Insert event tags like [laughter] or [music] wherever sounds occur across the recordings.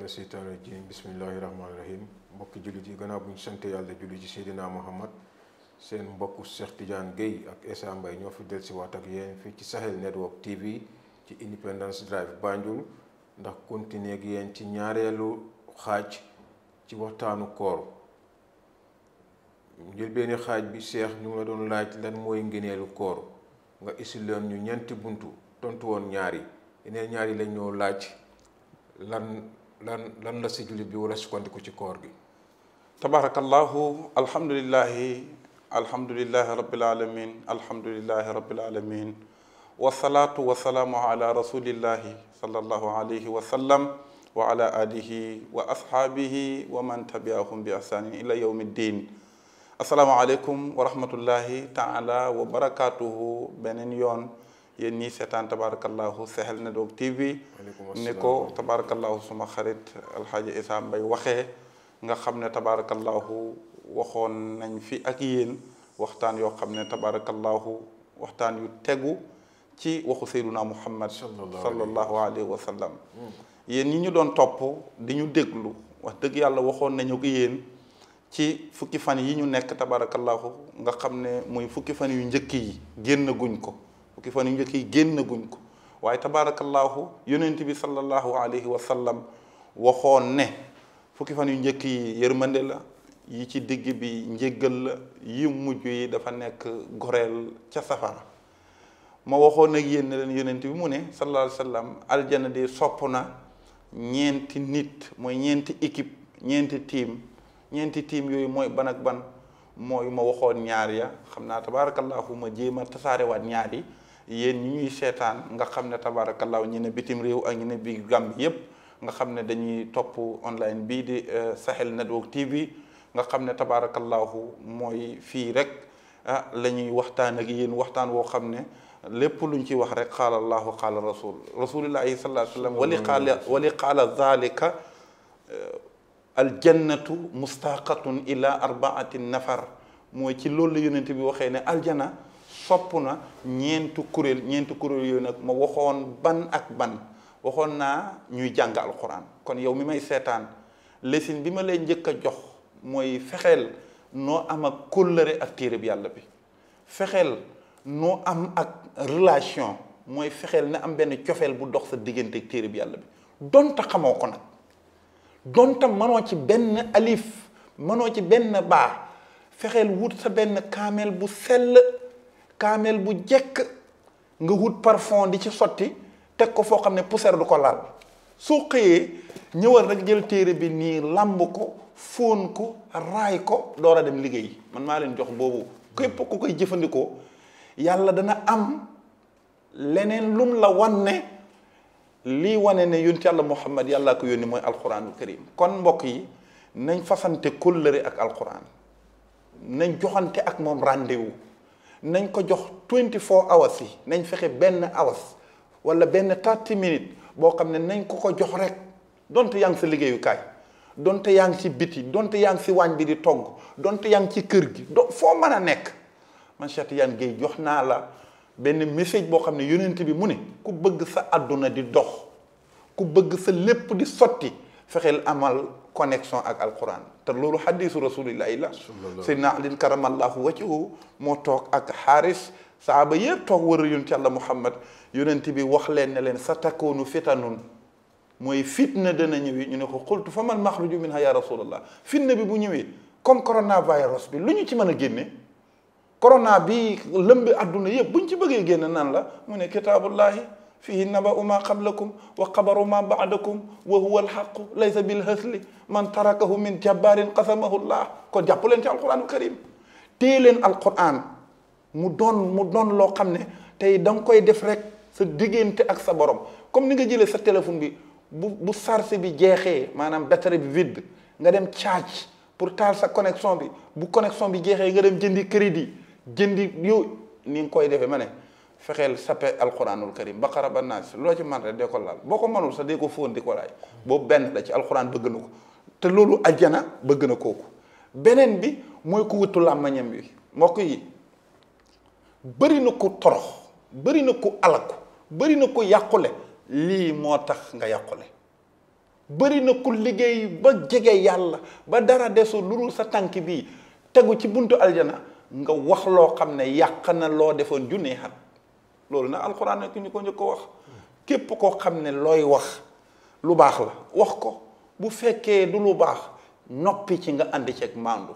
mina seytaan rajim bismillahi rahmaani rahim mbokki jullit yi gannaaw bu ñu sant yàlla julli ci Seydina Muhammad seen mbokku Cheikh Tidiane Guèye ak Essa Mbaye ñoo fi del si waat ak yéen fii ci Sahel Network TV ci Independence Drive Banjul ndax continuer ak ci ñaareelu xaaj ci waxtaanu koor njëlbeeni xaaj bi Cheikh ñu ngi doon laaj lan mooy ngëneelu koor nga isil leen ñu ñeenti buntu tontu woon ñaari yeneen ñaari lañ ñoo laaj lan lan lan la si jullit bi wala sukkandiku ci koor gi tabarakallahu alhamdulillahi alhamdulillahi rabbil alamin alhamdulillahi rabbil alamin والصلاة والسلام على رسول الله صلى الله عليه وسلم وعلى آله وأصحابه ومن تبعهم بإحسان إلى يوم الدين السلام عليكم ورحمة الله تعالى وبركاته بنين يون yéen ñii seetaan tabarakallahu Sahel Network TV ni ko tabarakallahu suma xarit alxaaji Issa Mbay waxee nga xam ne tabarakallahu waxoon nañ fi ak yéen waxtaan yoo xam ne tabarakallahu waxtaan yu tegu ci waxu sayduna muhammad sallallahu alayhi wa sallam mm. yéen ñi ñu doon topp di ñu déglu wax dëgg yàlla waxoon nañu ko yéen ci fukki fan yi ñu nekk tabarakallahu nga xam ne muy fukki fan yu njëkk yi génn guñ ko fukki fan yu njëkk yi génn guñ ko waaye tabaarakallaahu yonent bi sallallahu alayhi wa sallam waxoon ne fukki fan yu njëkk yi yërmande la yi ci digg bi njëggal la yi mujj yi dafa nekk goreel ca safara ma waxoon ak yéen leen yonent bi mu ne sallallahu alayhi sallam aljana de sopp na ñeenti nit mooy ñeenti équipe ñeenti team ñeenti team yooyu mooy ban ak ban mooy ma waxoon ñaar ya xam naa tabaarakallaahu ma jéem tasaarewaat ñaar yi yéen ñi ñuy sétan nga xamne ne tabaarakallaahu ñi ne bitim réew ak ñi ne bi gam yëpp nga xamne dañuy top online bi di Sahel Network TV nga xamne ne tabaarakallaahu mooy fii rek ah la waxtaan ak yéen waxtaan wo xamne lépp luñ ci wax rek qala allah qala rasul rasulullah sallallahu alayhi wasallam wali qala wali qala zalika aljannatu mustaqatun ila arbaatin nafar mooy ci loolu la yonent bi waxee ne aljana sopp na ñeentu kuréel ñeentu kuréel yooyu nag ma waxoon ban ak ban waxoon na ñuy jàng alquran kon yow mi may seetaan lesin bi ma lay njëkk a jox mooy fexeel noo am ak kóllëre ak téere bi yàlla bi fexeel noo am ak relation mooy fexeel na am benn cofeel bu dox sa diggante ak téere bi yàlla bi donta xamoo ko nag donta mënoo ci benn alif mënoo ci benn baa fexeel wut sa benn kaameel bu sell kaamel bu jekk nga wut parfum di ci sotti teg ko foo xam ne poussière du ko laal soo xëyee ñëwal rek jël téere bi nii làmb ko fóon ko raay ko door dem liggéey man maa leen jox boobu képp ku koy jëfandikoo yàlla dana am leneen lum la wan ne lii wane ne yonent yàlla Muhammad yàllaa ko yónni mooy alquranul karim kon mbokk yi nañ fasante kóllëre ak alquran nañ joxante ak moom rendez nañ ko jox 24 hours yi nañ fexe benn hours wala benn 30 minutes boo xam ne nañ ko ko jox rek donte yaa ngi sa liggéeyukaay donte yaa ngi ci biti donte yaa ngi si waañ bi di togg donte yaa ngi ci kër gi do foo mën a nekk man Cheikh Tidiane Gaye jox naa la benn message boo xam ne yonent bi mu ne ku bëgg sa àdduna di dox ku bëgg sa lépp di sotti fexeel amal connexion ak alquran te loolu xadisu rasulillahi la sayyidina Ali karamallahu wajhu moo toog ak xaaris saaba yëpp toog wër yonent yàlla muhammad yonent bi wax leen ne leen sa takoonu fitanun mooy fitna dana ñëwi ñu ne ko xultu fa man maxruju minha ya rasulallah fitna bi bu ñëwee comme coronavirus bi lu ñu ci mën a génne corona bi lëmbi àdduna yëpp buñ ci bëggee génn nan la mu ne kitaabullahi فيه نبأ ما قبلكم وقبر ما بعدكم وهو الحق ليس بالهزل من تركه من جبار قسمه الله كون jàpp leen ci alquranul karim téye leen alquran mu doon mu doon loo xam ne tey da nga koy def rek sa diggante ak sa borom comme ni nga jëlee sa téléphone بي bu charge bi jeexee nga dem charge pour tal sa connexion bi bu connexion bi jexé nga dem jëndi crédit jëndi yow ni nga koy défé mané fexeel sappe alquranul karim baqara naa si loo ci man rek dee ko laal boo ko manul sax dee ko fóon di ko laay boobu benn la ci alquran bëgg na ko te loolu ajjana bëgg na kooku beneen bi mooy ku wutu làmmañam wi mbokk yi bëri na ko torox bëri na ko alaku bëri na ko yàqule lii moo tax nga yàqule bëri na ku liggéey ba jege yàlla ba dara desul lu dul sa tànk bii tegu ci buntu aljana nga wax loo xam ne yàq na loo defoon junni xat loolu nag alxuraan nekk ñu ko njëkk ko wax képp koo xam ne looy wax lu baax la wax ko bu fekkee du lu baax noppi ci nga ànd ceeg màndu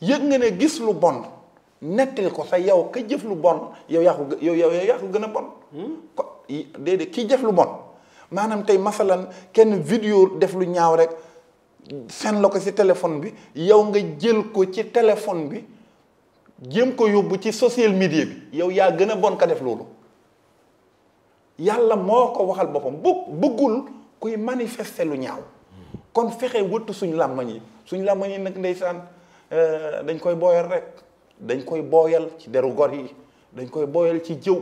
yëg nga ne gis lu bon nettali ko sa yow ka jëf lu bon yow yaa yow yow yaa gën a bon hmm? ko déedéet kii jëf lu bon maanaam tey masalan kenn vidéo def lu ñaaw rek seen la ko si téléphone bi yow nga jël ko ci téléphone bi jéem ko yóbbu ci social media bi yow yaa gën a bon ko def loolu yàlla moo ko waxal boppam bu bëggul kuy manifester lu ñaaw kon fexe wëttu suñu làmmañ yi suñ làmmañ yi nag ndeysaan euh, dañ koy booyal rek dañ koy booyal ci deru gor yi dañ koy booyal ci jëw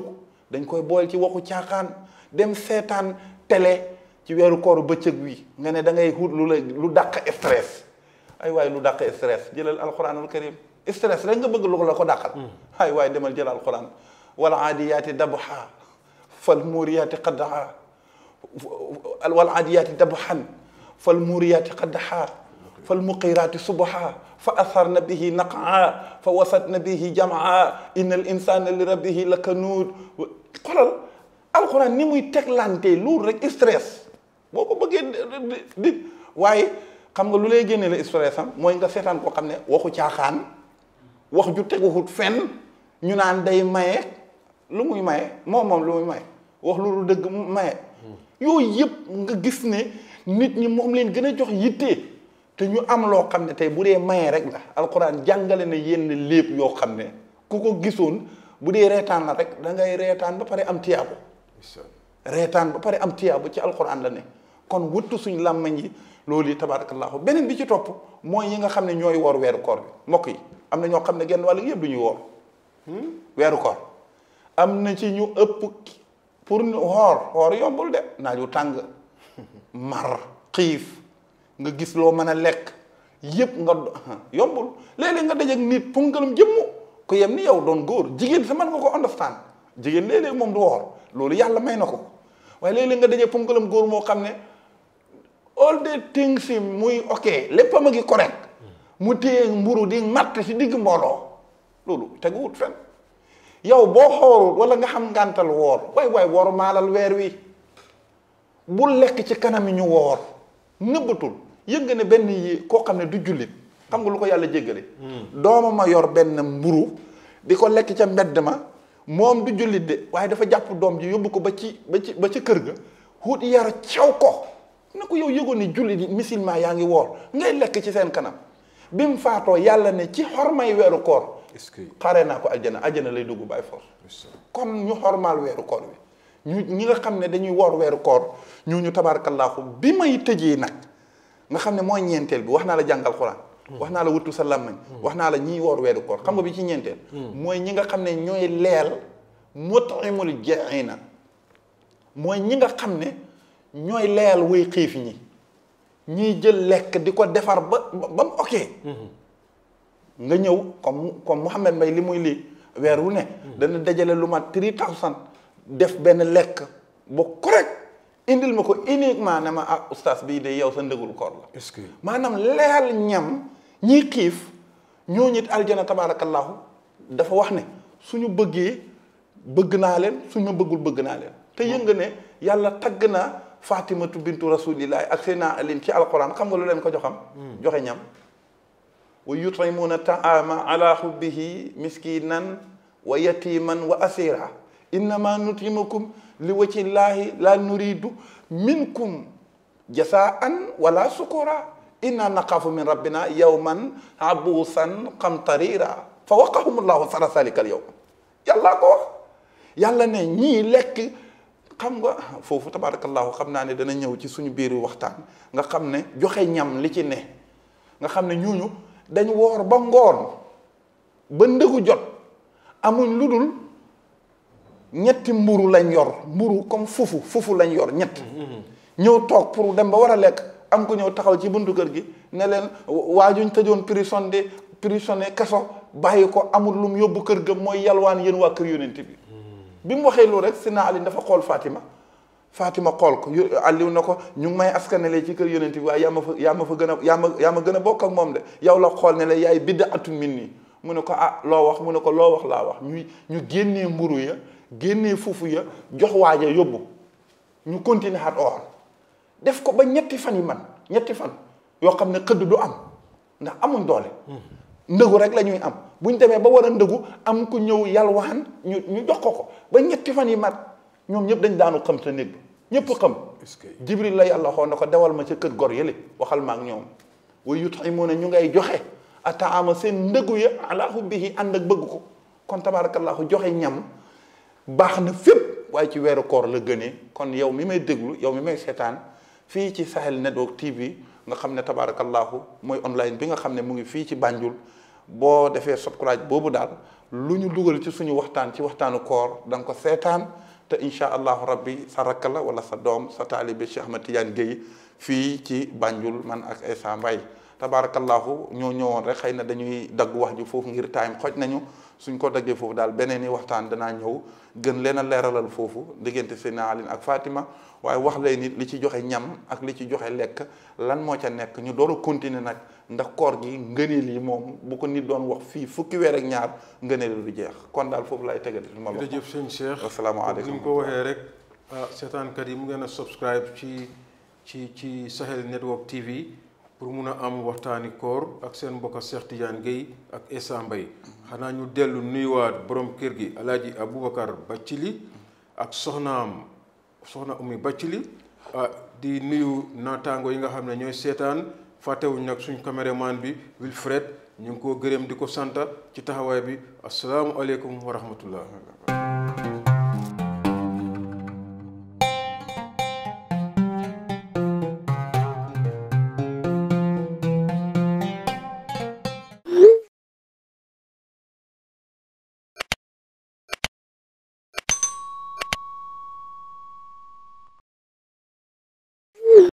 dañ koy booyal ci waxu caaxaan dem seetaan tele ci weeru kooru bëccëg wi nga ne da ngay wut lu la lu dàq stress ay waaye lu dàq stress jëlal alxuraanul karim stress rek nga bëgg lu la ko dàqal ay waaye demal jël alquran wal aadiyaati dabha fal muuriyaati qadha wal aadiyaati dabhan fal muuriyaati qadha fal muqiraati subha fa atharna bihi naqa fa wasatna bihi jamaa inna al insana li rabbihi lakanuud xolal alquran ni muy teglante loolu rek stress boo ko bëggee di waaye xam nga lu lay génnee la stress am mooy nga seetaan koo xam ne waxu caaxaan wax ju teguwut fenn ñu naan day maye lu muy maye moom moom lu muy maye wax loolu dëgg maye yooyu yëpp nga gis ne nit ñi moom leen gën a jox yitte te ñu am loo xam ne tey bu dee maye rek la alxuraan jàngale na yenn léeb yoo xam ne ku ko gisoon bu dee reetaan la rek da ngay reetaan ba pare am tiyaabu reetaan ba pare am tiyaabu ci alxuraan la ne kon wëttu suñ làmmañ yi loolu yi tabaarakallaahu beneen bi ci topp mooy yi nga xam ne ñooy wor weeru koor bi mbokk yi am na ñoo xam ne genn wàll yëpp du ñu woor hmm? weeru koor am ci ñu ëpp pour ñu hor woor yombul de naaju tàng mar xiif nga gis loo mën a lekk yëpp nga [laughs] yombul léeg nga dajek nit pungalum jëmmu ko yem ni yow doon góor jigéen sa man nga ko understand jigéen léeg-léeg moom du woor loolu yàlla may na ko waaye léeg-léeg nga dajek pungalum góor moo ne all the things yi muy oke, léppam a correct mu téye mburu di matt ci digg mbooloo loolu teguwut fen yow boo xoorut wala nga xam ngàntal woor waay waay woor maalal weer wi bu lekk ci kanam yi ñu woor nëbbatul yëg ne benn yi koo xam ne du jullit xam nga lu ko yàlla jéggale hmm. dooma ma yor benn mburu di ko lekk ca mbedd ma moom du jullit de waaye dafa jàpp doom ji yóbbu ko ba ci ba ci ba ci kër ga wut yar cew ko na ko yow yëgoon ne jullit yi musulman yaa ngi woor ngay lekk ci seen kanam bi mu faatoo yàlla ne ci xor may weeru koor xare naa ko aljana aljana lay dugg bàyyi force kon ñu xormaal weeru koor bi ñu ñi nga xam ne dañuy woor weeru koor ñu ñu tabaarakallaahu bi may tëjee nag nga xam ne mooy ñeenteel bi wax naa la jàngal xuraan wax naa la wutu sa làmmañ wax naa la ñiy woor weeru koor xam nga bi ci ñeenteel hmm. mooy ñi nga xam ne ñooy leel mutimul jaina mooy ñi nga xam ne ñooy leel way xiif ñi ñuy jël lekk di ko defar ba ba mu ok. Mm-hmm. nga ñëw comme comme Mouhamed mbay li muy lii weer wu ne. Mm-hmm. dana dajale lu mat three thousand def benn lekk ba correct indil ma ko uniquement ne ma ak ah, oustaz bii de yow sa ndëgul koor la. maanaam leeral ñam ñiy xiif ñoo ñit aljana tabaarakallaahu dafa wax ne suñu bëggee bëgg naa leen suñu bëggul bëgg naa leen. te mm-hmm. yëngu ne yàlla tagg na fatimatu bintu rasulillahi ak Seydina Alin ci alquran xam nga lu leen ko joxam hmm. joxe ñam wa yutrimuna taama ala xubbihi miskinan wa yatiman wa asira innama nutrimukum li wajhillahi la nuridu minkum jasaan wala sukura inna naqaafu min rabbina yawman abuusan qamtarira fa waqahum allahu sara salika al yawm yàlla ko wax yàlla ne ñii lekk xam nga foofu tabaarakallaahu xam naa ne dana ñëw ci suñu biir waxtaan nga xam ne joxe ñam li ci ne nga xam ne ñooñu dañ woor ba ngoon ba ndëgu jot amuñ lu dul ñetti mburu lañ yor mburu comme fufu fufu lañ yor ñett ñëw toog pour dem ba war a lekk am ko ñëw taxaw ci buntu kër gi ne leen waa waajuñ tëjoon prison de prisonnier kaso bàyyi ko amul lu mu yóbbu kër ga mooy yalwaan yéen waa kër yonent bi bimu waxé waxee rek Sina Ali dafa xol Fatima Fatima xol ko ali nako ñu ngi may askanale ci kër yonenti wa yama fa yama fa gën a yaa ma yaa ak moom de yow la xol ne la yaay bidda atum min mu ne ko ah lo wax mu ne ko lo wax la wax ñu ñu génné mburu ya génné fufu ya jox waaje yóbbu ñu continuer hat oor def ko ba ñetti fan yi man ñetti fan yo xamne ne xëdd du am ndax amuñ doole ndëgu rek lañuy am bu ñu demee ba war a ndëgu am ku ñëw yalwaan ñu ñu jox ko ko ba ñetti fan yi mat ñoom ñëpp dañ daanu xam sa néeg bi ñëpp xam jibril la yàlla xoon na ko dewal ma ca kër gor yële waxal ma ak ñoom wa yut'imuuna ñu ngay joxe ataama seen ndëgu ya ala hubbihi ànd ak bëgg ko kon tabaarakallaahu joxe ñam baax na fépp waaye ci weeru koor la gënee kon yow mi may déglu yow mi may seetaan fii ci Sahel Network TV nga xam ne tabaarakallaahu mooy online bi nga xam ne mu ngi fii ci Banjul boo defee Sope Courage boobu daal lu ñu dugal ci suñu waxtaan ci waxtaanu koor da ko seetaan te incha allahu rabbi sa rakk la wala sa doom sa taalibe Cheikh Ahmed Tidiane fii ci Banjul man ak Essa Mbaye tabaarakallaahu ñoo ñëwoon rek xëy na dañuy dagg wax ji foofu ngir time xoj nañu suñ ko daggee foofu daal beneen i waxtaan danaa ñëw gën leen a leeralal foofu diggante Seydina Alioune ak Fatima waaye wax leen nit li ci joxe ñam ak li ci joxe lekk lan moo ca nekk ñu door a continuer nag ndax koor gi ngëneel yi moom bu ko nit doon wax fii fukki weer ak ñaar ngëneel lu jeex kon daal foofu laay tegal ma loxo jërëjëf sëñ Cheikh asalaamaaleykum ñu ko waxee rek ah, yi mu ngeen a subscribe ci ci ci Sahel Network TV pour mun a am waxtaani koor ak seen mbokk Cheikh Tidiane Gueye ak Essa Mbaye xanaa ñu dellu nuyuwaat borom kër gi alaaji Aboubacar li ak soxnaam soxna Oumy li ah, di nuyu naataango yi nga xam ne ñooy seetaan fàttewuñ nag suñ caméraman bi Wilfred ñu ngi ko gërëm di ko sant ci taxawaay bi asalaamualeykum wa rahmatullah